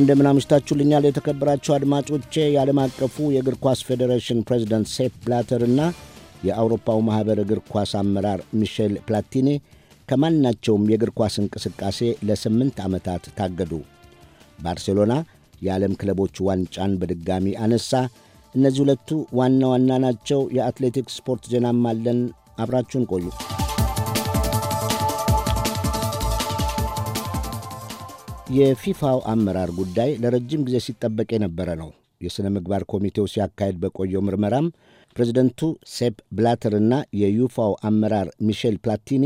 እንደምን አምሽታችሁልኛል የተከበራችሁ አድማጮቼ። የዓለም አቀፉ የእግር ኳስ ፌዴሬሽን ፕሬዚደንት ሴፕ ብላተር እና የአውሮፓው ማኅበር እግር ኳስ አመራር ሚሼል ፕላቲኒ ከማናቸውም የእግር ኳስ እንቅስቃሴ ለስምንት ዓመታት ታገዱ። ባርሴሎና የዓለም ክለቦች ዋንጫን በድጋሚ አነሳ። እነዚህ ሁለቱ ዋና ዋና ናቸው። የአትሌቲክስ ስፖርት ዜናም አለን። አብራችሁን ቆዩ። የፊፋው አመራር ጉዳይ ለረጅም ጊዜ ሲጠበቅ የነበረ ነው። የሥነ ምግባር ኮሚቴው ሲያካሄድ በቆየው ምርመራም ፕሬዚደንቱ ሴፕ ብላተርና የዩፋው አመራር ሚሼል ፕላቲኒ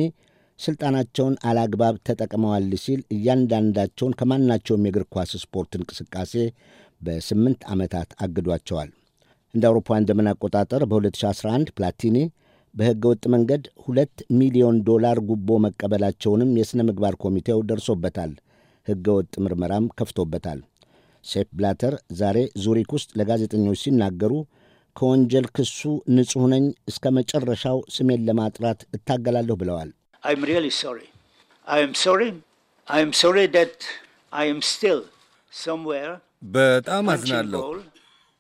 ሥልጣናቸውን አላግባብ ተጠቅመዋል ሲል እያንዳንዳቸውን ከማናቸውም የእግር ኳስ ስፖርት እንቅስቃሴ በስምንት ዓመታት አግዷቸዋል። እንደ አውሮፓውያን ዘመን አቆጣጠር በ2011 ፕላቲኒ በሕገ ወጥ መንገድ ሁለት ሚሊዮን ዶላር ጉቦ መቀበላቸውንም የሥነ ምግባር ኮሚቴው ደርሶበታል። ሕገወጥ ምርመራም ከፍቶበታል። ሴፕ ብላተር ዛሬ ዙሪክ ውስጥ ለጋዜጠኞች ሲናገሩ ከወንጀል ክሱ ንጹሕ ነኝ፣ እስከ መጨረሻው ስሜን ለማጥራት እታገላለሁ ብለዋል። በጣም አዝናለሁ።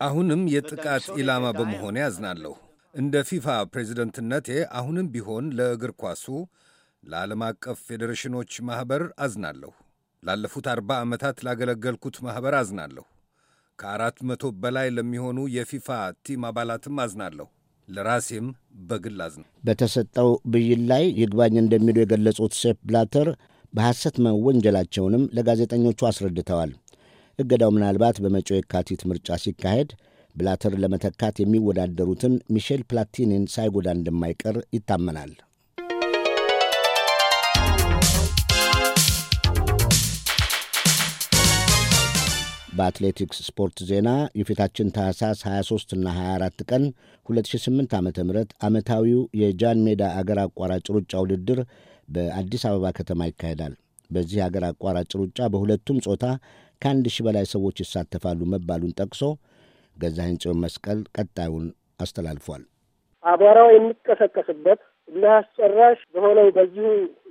አሁንም የጥቃት ኢላማ በመሆኔ አዝናለሁ። እንደ ፊፋ ፕሬዚደንትነቴ አሁንም ቢሆን ለእግር ኳሱ፣ ለዓለም አቀፍ ፌዴሬሽኖች ማኅበር አዝናለሁ። ላለፉት አርባ ዓመታት ላገለገልኩት ማኅበር አዝናለሁ። ከአራት መቶ በላይ ለሚሆኑ የፊፋ ቲም አባላትም አዝናለሁ። ለራሴም በግል አዝነ በተሰጠው ብይን ላይ ይግባኝ እንደሚሉ የገለጹት ሴፕ ብላተር በሐሰት መወንጀላቸውንም ለጋዜጠኞቹ አስረድተዋል። እገዳው ምናልባት በመጪው የካቲት ምርጫ ሲካሄድ ብላተር ለመተካት የሚወዳደሩትን ሚሼል ፕላቲኒን ሳይጎዳ እንደማይቀር ይታመናል። በአትሌቲክስ ስፖርት ዜና የፊታችን ታህሳስ 23 እና 24 ቀን 2008 ዓ ም ዓመታዊው የጃን ሜዳ አገር አቋራጭ ሩጫ ውድድር በአዲስ አበባ ከተማ ይካሄዳል። በዚህ አገር አቋራጭ ሩጫ በሁለቱም ጾታ ከአንድ ሺህ በላይ ሰዎች ይሳተፋሉ መባሉን ጠቅሶ ገዛኸኝ ጽዮን መስቀል ቀጣዩን አስተላልፏል። አቧራው የሚቀሰቀስበት እና አስጨራሽ በሆነው በዚሁ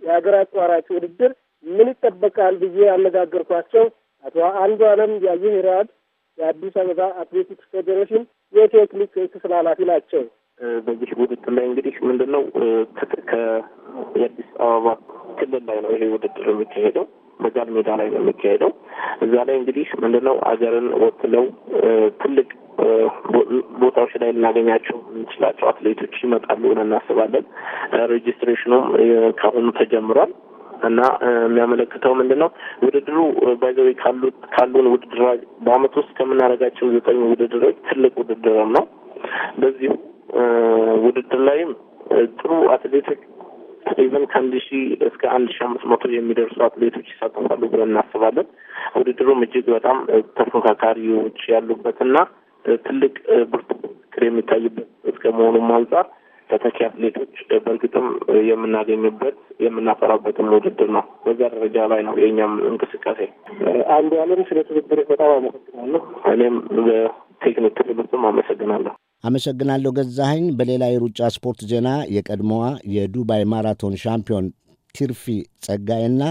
የአገር አቋራጭ ውድድር ምን ይጠበቃል ብዬ ያነጋገርኳቸው አቶ አንዱ አለም የአየር ራድ የአዲስ አበባ አትሌቲክስ ፌዴሬሽን የቴክኒክ ክፍል ኃላፊ ናቸው። በዚህ ውድድር ላይ እንግዲህ ምንድን ነው የአዲስ አበባ ክልል ላይ ነው ይሄ ውድድር የሚካሄደው በጃል ሜዳ ላይ ነው የሚካሄደው። እዛ ላይ እንግዲህ ምንድነው አገርን ወክለው ትልቅ ቦታዎች ላይ ልናገኛቸው የምንችላቸው አትሌቶች ይመጣሉ ብለን እናስባለን። ሬጅስትሬሽኑም ከአሁኑ ተጀምሯል። እና የሚያመለክተው ምንድን ነው ውድድሩ ባይዘዌ ካሉት ካሉን ውድድር በአመት ውስጥ ከምናደርጋቸው ዘጠኝ ውድድሮች ትልቅ ውድድርም ነው። በዚሁ ውድድር ላይም ጥሩ አትሌቲክ ኢቨን ከአንድ ሺ እስከ አንድ ሺ አምስት መቶ የሚደርሱ አትሌቶች ይሳተፋሉ ብለን እናስባለን። ውድድሩም እጅግ በጣም ተፎካካሪዎች ያሉበትና ትልቅ ብርቱ ክር የሚታይበት እስከ መሆኑም አንጻር ተተኪ አትሌቶች በእርግጥም የምናገኝበት የምናፈራበትም ውድድር ነው። በዛ ደረጃ ላይ ነው የእኛም እንቅስቃሴ። አንዱ አለም ስለ ትብብር በጣም አመሰግናለሁ። እኔም በቴክኒክ ትብብርም አመሰግናለሁ። አመሰግናለሁ ገዛኸኝ። በሌላ የሩጫ ስፖርት ዜና የቀድሞዋ የዱባይ ማራቶን ሻምፒዮን ቲርፊ ጸጋዬና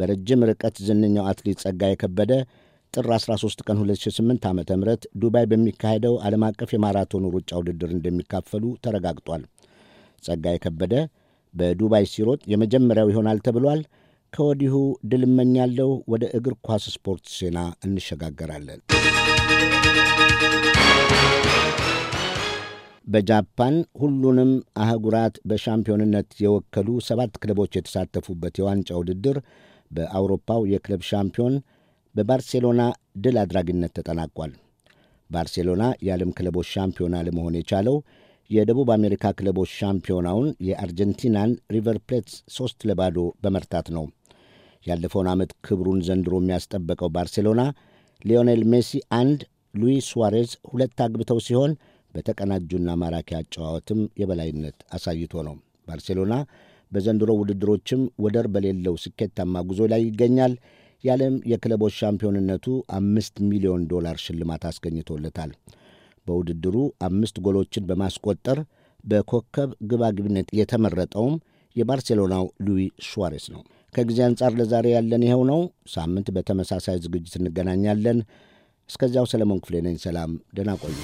በረጅም ርቀት ዝነኛው አትሌት ጸጋዬ ከበደ ጥር 13 ቀን 2008 ዓ ም ዱባይ በሚካሄደው ዓለም አቀፍ የማራቶን ሩጫ ውድድር እንደሚካፈሉ ተረጋግጧል። ጸጋዬ ከበደ በዱባይ ሲሮጥ የመጀመሪያው ይሆናል ተብሏል። ከወዲሁ ድል እመኛለሁ። ወደ እግር ኳስ ስፖርት ዜና እንሸጋገራለን። በጃፓን ሁሉንም አህጉራት በሻምፒዮንነት የወከሉ ሰባት ክለቦች የተሳተፉበት የዋንጫ ውድድር በአውሮፓው የክለብ ሻምፒዮን በባርሴሎና ድል አድራጊነት ተጠናቋል። ባርሴሎና የዓለም ክለቦች ሻምፒዮና ለመሆን የቻለው የደቡብ አሜሪካ ክለቦች ሻምፒዮናውን የአርጀንቲናን ሪቨር ፕሌትስ ሦስት ለባዶ በመርታት ነው። ያለፈውን ዓመት ክብሩን ዘንድሮ የሚያስጠበቀው ባርሴሎና ሊዮኔል ሜሲ አንድ፣ ሉዊስ ሱዋሬዝ ሁለት አግብተው ሲሆን በተቀናጁና ማራኪ አጨዋወትም የበላይነት አሳይቶ ነው። ባርሴሎና በዘንድሮ ውድድሮችም ወደር በሌለው ስኬታማ ጉዞ ላይ ይገኛል። የዓለም የክለቦች ሻምፒዮንነቱ አምስት ሚሊዮን ዶላር ሽልማት አስገኝቶለታል። በውድድሩ አምስት ጎሎችን በማስቆጠር በኮከብ ግባግብነት የተመረጠውም የባርሴሎናው ሉዊ ሹዋሬስ ነው። ከጊዜ አንጻር ለዛሬ ያለን ይኸው ነው። ሳምንት በተመሳሳይ ዝግጅት እንገናኛለን። እስከዚያው ሰለሞን ክፍሌ ነኝ። ሰላም፣ ደህና ቆዩ።